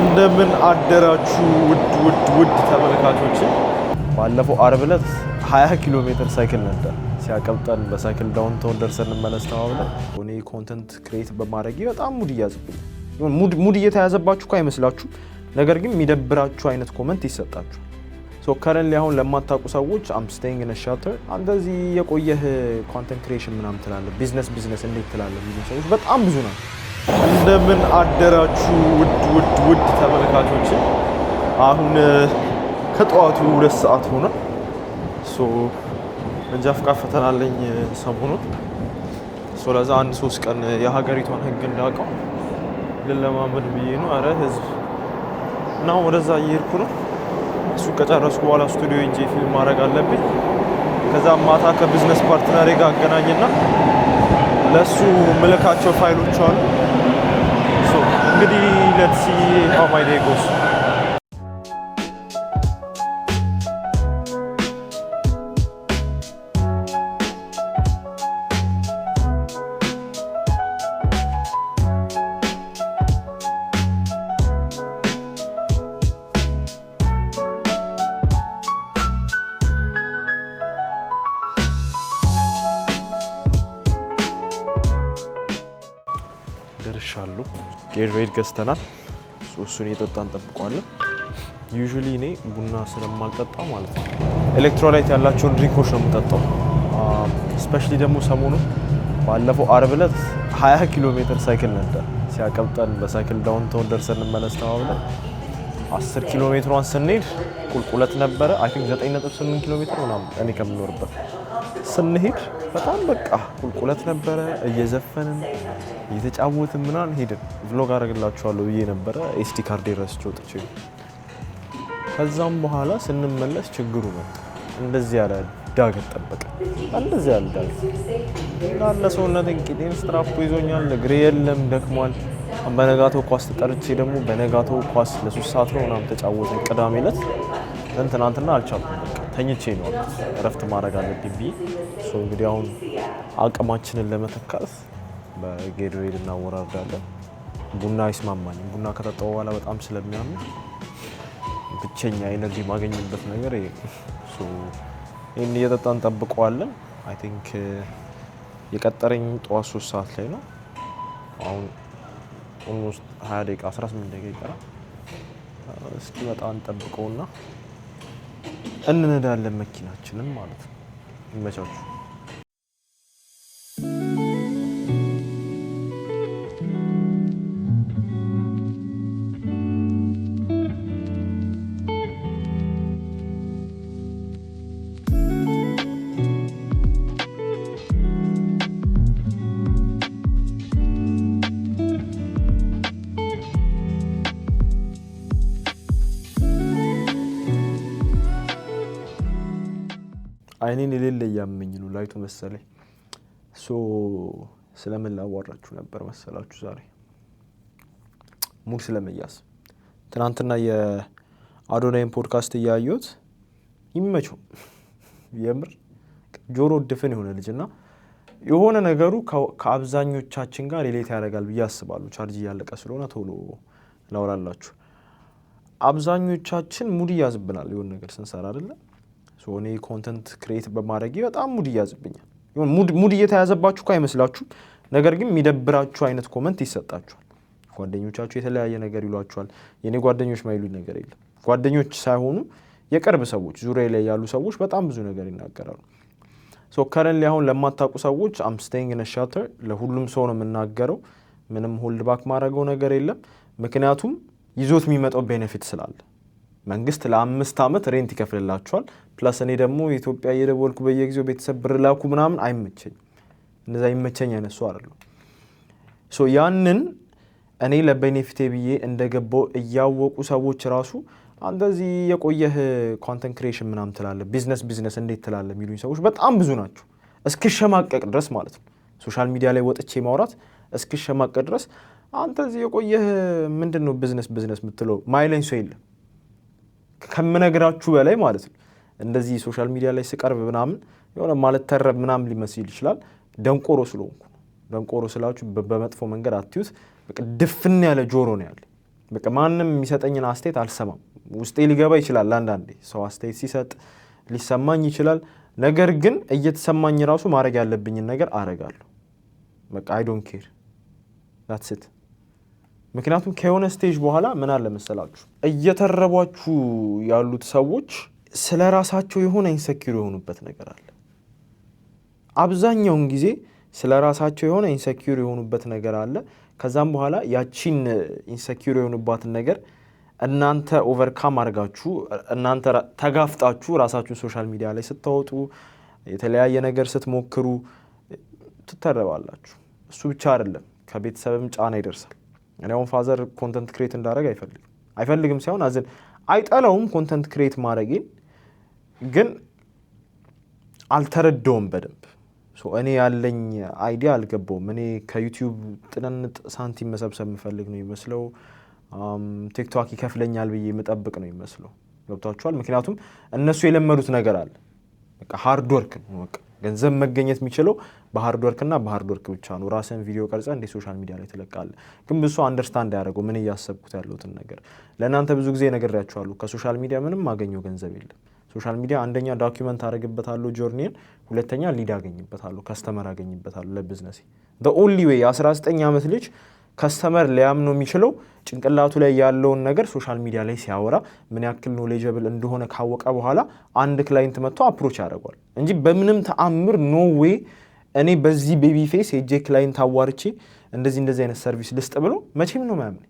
እንደምን አደራችሁ ውድ ውድ ውድ ተመልካቾችን። ባለፈው አርብ ዕለት 20 ኪሎ ሜትር ሳይክል ነዳን። ሲያቀብጠን በሳይክል ዳውንታውን ደርሰን እንመለስ ተባብለን እኔ ኮንተንት ክሬት በማድረግ በጣም ሙድ እያዘብኝ ሙድ እየተያዘባችሁ እኮ አይመስላችሁም፣ ነገር ግን የሚደብራችሁ አይነት ኮመንት ይሰጣችሁ። ከረን አሁን ለማታውቁ ሰዎች አምስተኝ ስቴይንግ ኢን እንደዚህ የቆየህ ኮንተንት ክሬሽን ምናምን ትላለ ቢዝነስ ቢዝነስ እንዴት ትላለ? ብዙ ሰዎች በጣም ብዙ ናቸው እንደምን አደራችሁ ውድ ውድ ውድ ተመልካቾች። አሁን ከጠዋቱ ሁለት ሰዓት ሆነ። መንጃ ፈቃድ ፈተና አለኝ ሰሞኑን። ለዛ አንድ ሶስት ቀን የሀገሪቷን ህግ እንዳውቀው ልለማመድ ብዬ ነው። አረ ህዝብ እና ወደዛ እየሄድኩ ነው። እሱ ከጨረስኩ በኋላ ስቱዲዮ እንጂ ፊልም ማድረግ አለብኝ። ከዛ ማታ ከቢዝነስ ፓርትነሬ ጋር አገናኝና ለእሱ ምልካቸው ፋይሎች አሉ Good, let's see how my day goes. ኤድሬድ ገዝተናል። እሱን እየጠጣ እንጠብቋለን። ዩዥሊ እኔ ቡና ስለማልጠጣ ማለት ነው ኤሌክትሮላይት ያላቸውን ድሪንኮች ነው የምጠጣው። ስፔሻሊ ደግሞ ሰሞኑን ባለፈው አርብ ዕለት 20 ኪሎ ሜትር ሳይክል ነበር ሲያቀብጠን በሳይክል ዳውንታውን ደርሰን እንመለስ ተባብለን 10 ኪሎ ሜትሯን ስንሄድ ቁልቁለት ነበረ። አይ ቲንክ 9.8 ኪሎ ሜትር ምናምን እኔ ከምኖርበት ስንሄድ በጣም በቃ ቁልቁለት ነበረ። እየዘፈንን እየተጫወትን ምናምን ሄድን። ቭሎግ አደረግላችኋለሁ ብዬ ነበረ ኤስዲ ካርድ ረስቼው ወጥቼ። ከዛም በኋላ ስንመለስ ችግሩ መጣ። እንደዚህ ያለ ዳገት ጠበቀ። እንደዚህ ያለ ዳግ እንዳለ ሰውነት ቂጤን ስትራፕ ይዞኛል። እግሬ የለም ደክሟል። በነጋተው ኳስ ተጠርቼ ደግሞ በነጋተው ኳስ ለሶስት ሰዓት ነው ምናምን ተጫወትን። ቅዳሜ ዕለት ትናንትና አልቻልኩም። ተኝቼ ነው እረፍት ማድረግ አለብኝ ብዬ እንግዲህ አሁን አቅማችንን ለመተካት በጌድሬድ እናወራርዳለን። ቡና አይስማማኝም። ቡና ከጠጣሁ በኋላ በጣም ስለሚያም ብቸኛ ኤነርጂ ማገኝበት ነገር ይህን እየጠጣ እንጠብቀዋለን። አይ ቲንክ የቀጠረኝ ጠዋት ሶስት ሰዓት ላይ ነው። አሁን ኦልሞስት 20 ደቂቃ 18 ደቂቃ ይቀራል። እስኪ በጣም እንጠብቀውና እንነዳለን መኪናችንን ማለት ነው። ይመቻችሁ። አይኔን የሌለ እያመኝ ነው ላይቱ መሰለኝ። ሶ ስለምን ላዋራችሁ ነበር መሰላችሁ? ዛሬ ሙድ ስለመያዝ ትናንትና የአዶናይን ፖድካስት እያየሁት ይመቸው የምር ጆሮ ድፍን የሆነ ልጅ እና የሆነ ነገሩ ከአብዛኞቻችን ጋር ሌሌት ያደርጋል ብዬ አስባለሁ። ቻርጅ እያለቀ ስለሆነ ቶሎ ላውራላችሁ። አብዛኞቻችን ሙድ እያዝብናል የሆነ ነገር ስንሰራ አይደለም እኔ ኮንተንት ክሬት በማድረጌ በጣም ሙድ እያዝብኛል። ሙድ እየተያዘባችሁ እኮ አይመስላችሁም፣ ነገር ግን የሚደብራችሁ አይነት ኮመንት ይሰጣችኋል። ጓደኞቻችሁ የተለያየ ነገር ይሏችኋል። የእኔ ጓደኞች ማይሉኝ ነገር የለም። ጓደኞች ሳይሆኑ የቅርብ ሰዎች፣ ዙሪያ ላይ ያሉ ሰዎች በጣም ብዙ ነገር ይናገራሉ። ሶ ከረንሊ አሁን ለማታውቁ ሰዎች አምስቴንግ ነሻተር ለሁሉም ሰው ነው የምናገረው። ምንም ሆልድ ባክ ማድረገው ነገር የለም፣ ምክንያቱም ይዞት የሚመጣው ቤኔፊት ስላለ መንግስት ለአምስት ዓመት ሬንት ይከፍልላቸዋል። ፕላስ እኔ ደግሞ ኢትዮጵያ እየደወልኩ በየጊዜው ቤተሰብ ብር ላኩ ምናምን አይመቸኝ፣ እነዛ ይመቸኝ አይነሱ አሉ። ሶ ያንን እኔ ለቤኔፊቴ ብዬ እንደገባው እያወቁ ሰዎች ራሱ አንተዚህ የቆየህ ኮንተንት ክሬሽን ምናምን ትላለህ፣ ቢዝነስ ቢዝነስ እንዴት ትላለህ የሚሉኝ ሰዎች በጣም ብዙ ናቸው። እስክሸማቀቅ ድረስ ማለት ነው። ሶሻል ሚዲያ ላይ ወጥቼ ማውራት እስክሸማቀቅ ድረስ አንተዚህ የቆየህ ምንድን ነው ቢዝነስ ቢዝነስ የምትለው ማይለኝ ሰው የለም። ከምነግራችሁ በላይ ማለት ነው። እንደዚህ ሶሻል ሚዲያ ላይ ስቀርብ ምናምን የሆነ ማለት ተረብ ምናምን ሊመስል ይችላል። ደንቆሮ ስለሆንኩ ደንቆሮ ስላችሁ በመጥፎ መንገድ አትዩት። በቃ ድፍን ያለ ጆሮ ነው ያለ። በቃ ማንም የሚሰጠኝን አስተያየት አልሰማም። ውስጤ ሊገባ ይችላል። አንዳንዴ ሰው አስተያየት ሲሰጥ ሊሰማኝ ይችላል። ነገር ግን እየተሰማኝ ራሱ ማድረግ ያለብኝን ነገር አረጋለሁ። በቃ አይ ዶንት ኬር ዳትስ ኢት ምክንያቱም ከሆነ ስቴጅ በኋላ ምን አለ መሰላችሁ እየተረቧችሁ ያሉት ሰዎች ስለ ራሳቸው የሆነ ኢንሰኪር የሆኑበት ነገር አለ። አብዛኛውን ጊዜ ስለ ራሳቸው የሆነ ኢንሰኪር የሆኑበት ነገር አለ። ከዛም በኋላ ያቺን ኢንሰኪር የሆኑባትን ነገር እናንተ ኦቨርካም አድርጋችሁ እናንተ ተጋፍጣችሁ ራሳችሁን ሶሻል ሚዲያ ላይ ስታወጡ የተለያየ ነገር ስትሞክሩ ትተረባላችሁ። እሱ ብቻ አይደለም፣ ከቤተሰብም ጫና ይደርሳል። እኔ አሁን ፋዘር ኮንተንት ክሬት እንዳደረግ አይፈልግም አይፈልግም ሳይሆን አዝን አይጠላውም ኮንተንት ክሬት ማድረጌን ግን አልተረዳውም በደንብ እኔ ያለኝ አይዲያ አልገባውም። እኔ ከዩቲዩብ ጥንንጥ ሳንቲም መሰብሰብ የምፈልግ ነው ይመስለው። ቲክቶክ ይከፍለኛል ብዬ የምጠብቅ ነው ይመስለው። ገብቷችኋል? ምክንያቱም እነሱ የለመዱት ነገር አለ። በቃ ሃርድ ወርክ ነው በቃ ገንዘብ መገኘት የሚችለው በሀርድ ወርክና ወርክ ብቻ ነው። ራስን ቪዲዮ ቀርጸ እንደ ሶሻል ሚዲያ ላይ ትለቃለ። ግን ብዙ አንደርስታንድ ያደረገው ምን እያሰብኩት ያለሁትን ነገር ለእናንተ ብዙ ጊዜ ነግሬያችኋለሁ። ከሶሻል ሚዲያ ምንም አገኘው ገንዘብ የለም። ሶሻል ሚዲያ አንደኛ ዳኪመንት አደረግበታለሁ ጆርኒን፣ ሁለተኛ ሊድ አገኝበታለሁ፣ ከስተመር አገኝበታለሁ ለቢዝነሴ ኦንሊ ዌይ የ19 ዓመት ልጅ ከስተመር ሊያምነው የሚችለው ጭንቅላቱ ላይ ያለውን ነገር ሶሻል ሚዲያ ላይ ሲያወራ ምን ያክል ኖሌጀብል እንደሆነ ካወቀ በኋላ አንድ ክላይንት መጥቶ አፕሮች ያደርጓል እንጂ በምንም ተአምር ኖ ዌይ እኔ በዚህ ቤቢ ፌስ የእጄ ክላይንት አዋርቼ እንደዚህ እንደዚህ አይነት ሰርቪስ ልስጥ ብሎ መቼም ነው ማያምን።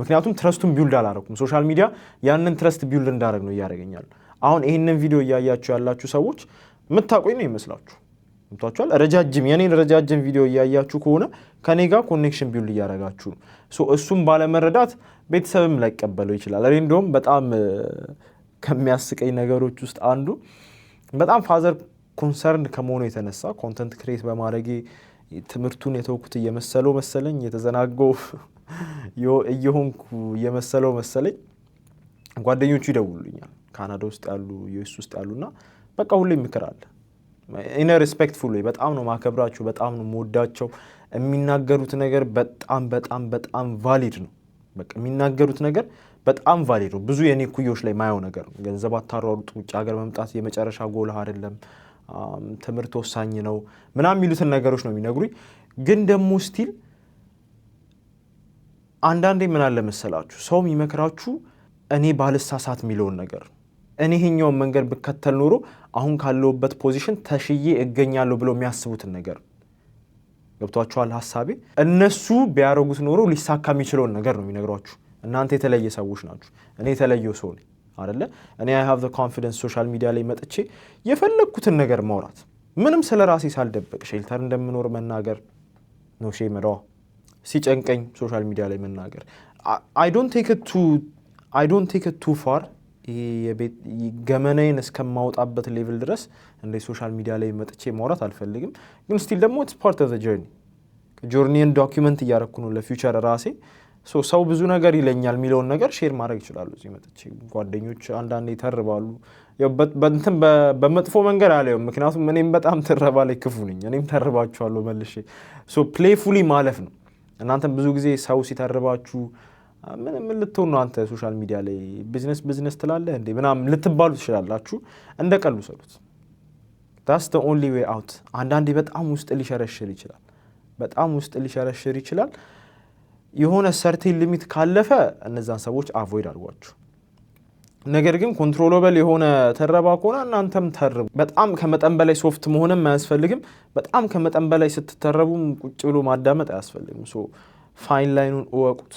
ምክንያቱም ትረስቱን ቢውልድ አላረኩም። ሶሻል ሚዲያ ያንን ትረስት ቢውልድ እንዳደረግ ነው እያደረገኛል። አሁን ይህንን ቪዲዮ እያያችሁ ያላችሁ ሰዎች ምታቆኝ ነው ይመስላችሁ ምቷቸዋል ረጃጅም የኔን ረጃጅም ቪዲዮ እያያችሁ ከሆነ ከኔ ጋር ኮኔክሽን ቢውል እያረጋችሁ ነው። እሱም ባለመረዳት ቤተሰብም ላይቀበለው ይችላል። እኔ እንዲሁም በጣም ከሚያስቀኝ ነገሮች ውስጥ አንዱ በጣም ፋዘር ኮንሰርን ከመሆኑ የተነሳ ኮንተንት ክሬት በማድረጌ ትምህርቱን የተውኩት እየመሰለው መሰለኝ የተዘናገው እየሆንኩ እየመሰለው መሰለኝ ጓደኞቹ ይደውሉኛል፣ ካናዳ ውስጥ ያሉ ዩስ ውስጥ ያሉና በቃ ሁሌ ይምክራል ኢነ ሪስፔክትፉሊ በጣም ነው ማከብራችሁ፣ በጣም ነው መወዳቸው። የሚናገሩት ነገር በጣም በጣም በጣም ቫሊድ ነው። በቃ የሚናገሩት ነገር በጣም ቫሊድ ነው። ብዙ የኔ ኩዮች ላይ ማየው ነገር ነው። ገንዘብ አታሯሩጥ፣ ውጭ ሀገር መምጣት የመጨረሻ ጎልህ አይደለም፣ ትምህርት ወሳኝ ነው ምናምን የሚሉትን ነገሮች ነው የሚነግሩኝ። ግን ደግሞ ስቲል አንዳንዴ ምን አለ መሰላችሁ ሰው የሚመክራችሁ እኔ ባልሳሳት የሚለውን ነገር ነው እኒህኛውን መንገድ ብከተል ኖሮ አሁን ካለውበት ፖዚሽን ተሽዬ እገኛለሁ ብለው የሚያስቡትን ነገር ገብቷችኋል ሀሳቤ። እነሱ ቢያደርጉት ኖሮ ሊሳካ የሚችለውን ነገር ነው የሚነግሯችሁ። እናንተ የተለየ ሰዎች ናችሁ። እኔ የተለየው ሰው ነኝ አደለ? እኔ አይ ሃቭ ኮንፊደንስ ሶሻል ሚዲያ ላይ መጥቼ የፈለግኩትን ነገር ማውራት ምንም ስለ ራሴ ሳልደበቅ ሼልተር እንደምኖር መናገር ነው ሼ መዳዋ ሲጨንቀኝ ሶሻል ሚዲያ ላይ መናገር አይ ዶንት ቴክ ቱ ፋር ገመናዬን እስከማውጣበት ሌቭል ድረስ እንደ ሶሻል ሚዲያ ላይ መጥቼ ማውራት አልፈልግም። ግን ስቲል ደግሞ ኢትስ ፓርት ኦፍ ዘ ጆርኒ ጆርኒን ዶኪመንት እያረኩ ነው ለፊውቸር ራሴ። ሰው ብዙ ነገር ይለኛል የሚለውን ነገር ሼር ማድረግ ይችላሉ። እዚህ መጥቼ ጓደኞች አንዳንዴ ይተርባሉ። እንትን በመጥፎ መንገድ አለውም፣ ምክንያቱም እኔም በጣም ትረባ ላይ ክፉ ነኝ። እኔም ተርባችኋለሁ መልሼ። ሶ ፕሌይፉሊ ማለፍ ነው። እናንተም ብዙ ጊዜ ሰው ሲተርባችሁ ምን ምን ልትሆን ነው አንተ ሶሻል ሚዲያ ላይ ቢዝነስ ቢዝነስ ትላለህ እንዴ ምናምን ልትባሉ ትችላላችሁ። እንደ ቀሉ ሰሉት ታስ ተ ኦንሊ ዌይ አውት። አንዳንዴ በጣም ውስጥ ሊሸረሽር ይችላል። በጣም ውስጥ ሊሸረሽር ይችላል። የሆነ ሰርቴን ሊሚት ካለፈ እነዛን ሰዎች አቮይድ አድርጓችሁ ነገር ግን ኮንትሮሎበል የሆነ ተረባ ከሆነ እናንተም ተርቡ። በጣም ከመጠን በላይ ሶፍት መሆንም አያስፈልግም። በጣም ከመጠን በላይ ስትተረቡም ቁጭ ብሎ ማዳመጥ አያስፈልግም። ፋይን ላይኑን እወቁት።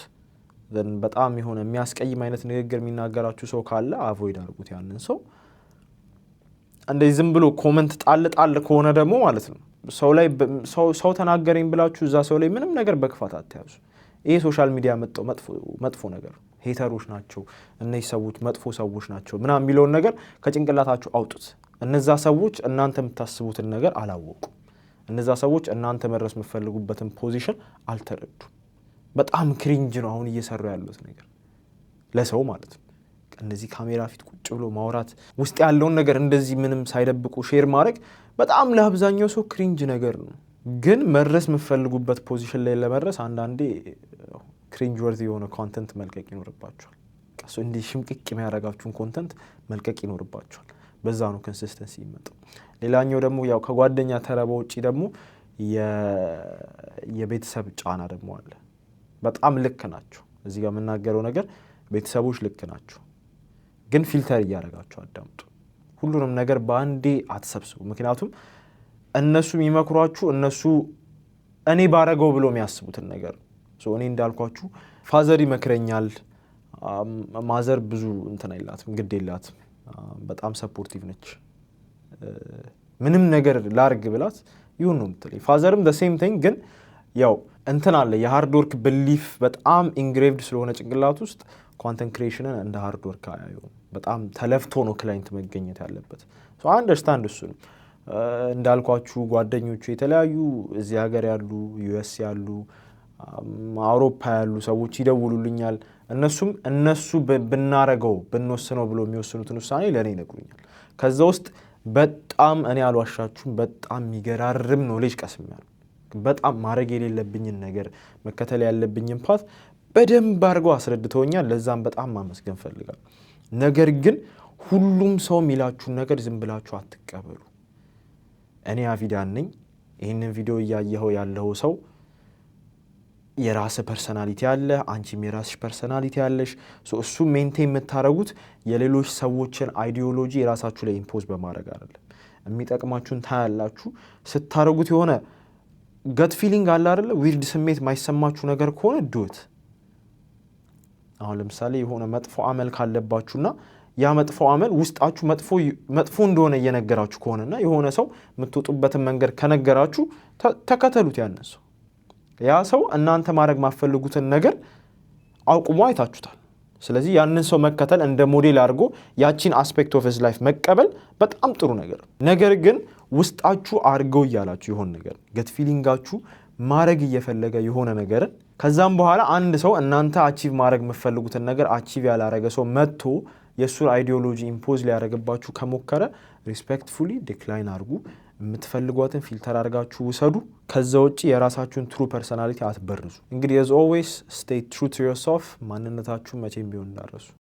በጣም የሆነ የሚያስቀይም አይነት ንግግር የሚናገራችሁ ሰው ካለ አቮይድ አድርጉት ያንን ሰው። እንደዚህ ዝም ብሎ ኮመንት ጣል ጣል ከሆነ ደግሞ ማለት ነው ሰው ላይ ሰው ተናገረኝ ብላችሁ እዛ ሰው ላይ ምንም ነገር በክፋት አትያዙ። ይሄ ሶሻል ሚዲያ መጥቶ መጥፎ ነገር ሄተሮች ናቸው እነዚህ ሰዎች መጥፎ ሰዎች ናቸው ምናምን የሚለውን ነገር ከጭንቅላታችሁ አውጡት። እነዛ ሰዎች እናንተ የምታስቡትን ነገር አላወቁም። እነዛ ሰዎች እናንተ መድረስ የምትፈልጉበትን ፖዚሽን አልተረዱም። በጣም ክሪንጅ ነው አሁን እየሰሩ ያሉት ነገር ለሰው ማለት ነው። እንደዚህ ካሜራ ፊት ቁጭ ብሎ ማውራት ውስጥ ያለውን ነገር እንደዚህ ምንም ሳይደብቁ ሼር ማድረግ በጣም ለአብዛኛው ሰው ክሪንጅ ነገር ነው። ግን መድረስ የምትፈልጉበት ፖዚሽን ላይ ለመድረስ አንዳንዴ ክሪንጅ ወርዝ የሆነ ኮንተንት መልቀቅ ይኖርባቸዋል። ቀሱ እንዲህ ሽምቅቅ የሚያደርጋችሁን ኮንተንት መልቀቅ ይኖርባቸዋል። በዛ ነው ኮንሲስተንሲ ይመጣው። ሌላኛው ደግሞ ያው ከጓደኛ ተረባ ውጪ ደግሞ የቤተሰብ ጫና ደግሞ አለ። በጣም ልክ ናቸው። እዚህ ጋር የምናገረው ነገር ቤተሰቦች ልክ ናቸው። ግን ፊልተር እያደረጋቸው አዳምጡ። ሁሉንም ነገር በአንዴ አትሰብስቡ። ምክንያቱም እነሱ የሚመክሯችሁ እነሱ እኔ ባረገው ብሎ የሚያስቡትን ነገር እኔ እንዳልኳችሁ ፋዘር ይመክረኛል። ማዘር ብዙ እንትን አይላትም፣ ግድ የላትም። በጣም ሰፖርቲቭ ነች። ምንም ነገር ላርግ ብላት ይሁን ነው የምትለኝ። ፋዘርም ሴም ቲንግ ግን ያው እንትን አለ የሃርድ ወርክ ብሊፍ በጣም ኢንግሬቭድ ስለሆነ ጭንቅላት ውስጥ ኳንተም ክሬሽንን እንደ ሃርድ ወርክ አያዩም። በጣም ተለፍቶ ነው ክላይንት መገኘት ያለበት። አንደርስታንድ እሱን እንዳልኳችሁ ጓደኞቹ የተለያዩ እዚህ ሀገር ያሉ ዩኤስ ያሉ አውሮፓ ያሉ ሰዎች ይደውሉልኛል። እነሱም እነሱ ብናረገው ብንወስነው ብሎ የሚወስኑትን ውሳኔ ለእኔ ይነግሩኛል። ከዛ ውስጥ በጣም እኔ አልዋሻችሁም፣ በጣም የሚገራርም ኖሌጅ ቀስሜያለሁ። በጣም ማድረግ የሌለብኝን ነገር መከተል ያለብኝን ፓት በደንብ አድርገው አስረድተውኛል። ለዛም በጣም ማመስገን ፈልጋል። ነገር ግን ሁሉም ሰው የሚላችሁን ነገር ዝም ብላችሁ አትቀበሉ። እኔ አቪዳን ነኝ። ይህንን ቪዲዮ እያየኸው ያለው ሰው የራስ ፐርሰናሊቲ አለ፣ አንቺም የራስሽ ፐርሰናሊቲ አለሽ። እሱ ሜንቴን የምታደርጉት የሌሎች ሰዎችን አይዲዮሎጂ የራሳችሁ ላይ ኢምፖዝ በማድረግ አይደለም። የሚጠቅማችሁን ታያላችሁ ስታደርጉት የሆነ ገት ፊሊንግ አለ አይደለ? ዊርድ ስሜት የማይሰማችሁ ነገር ከሆነ ዱት። አሁን ለምሳሌ የሆነ መጥፎ አመል ካለባችሁና ያ መጥፎ አመል ውስጣችሁ መጥፎ እንደሆነ እየነገራችሁ ከሆነና የሆነ ሰው የምትወጡበትን መንገድ ከነገራችሁ ተከተሉት። ያን ሰው ያ ሰው እናንተ ማድረግ ማፈልጉትን ነገር አውቁሞ አይታችሁታል። ስለዚህ ያንን ሰው መከተል እንደ ሞዴል አድርጎ ያቺን አስፔክት ኦፍ ዝ ላይፍ መቀበል በጣም ጥሩ ነገር ነገር ግን ውስጣችሁ አድርገው እያላችሁ የሆን ነገር ገት ፊሊንጋችሁ ማድረግ እየፈለገ የሆነ ነገርን ከዛም በኋላ አንድ ሰው እናንተ አቺቭ ማድረግ የምትፈልጉትን ነገር አቺቭ ያላረገ ሰው መጥቶ የእሱን አይዲዮሎጂ ኢምፖዝ ሊያደረግባችሁ ከሞከረ ሪስፔክትፉሊ ዲክላይን አድርጉ። የምትፈልጓትን ፊልተር አድርጋችሁ ውሰዱ። ከዛ ውጭ የራሳችሁን ትሩ ፐርሰናሊቲ አትበርዙ። እንግዲህ ኦልዌይስ ስቴይ ትሩ ቱ ዮርሴልፍ። ማንነታችሁን መቼም ቢሆን እንዳረሱ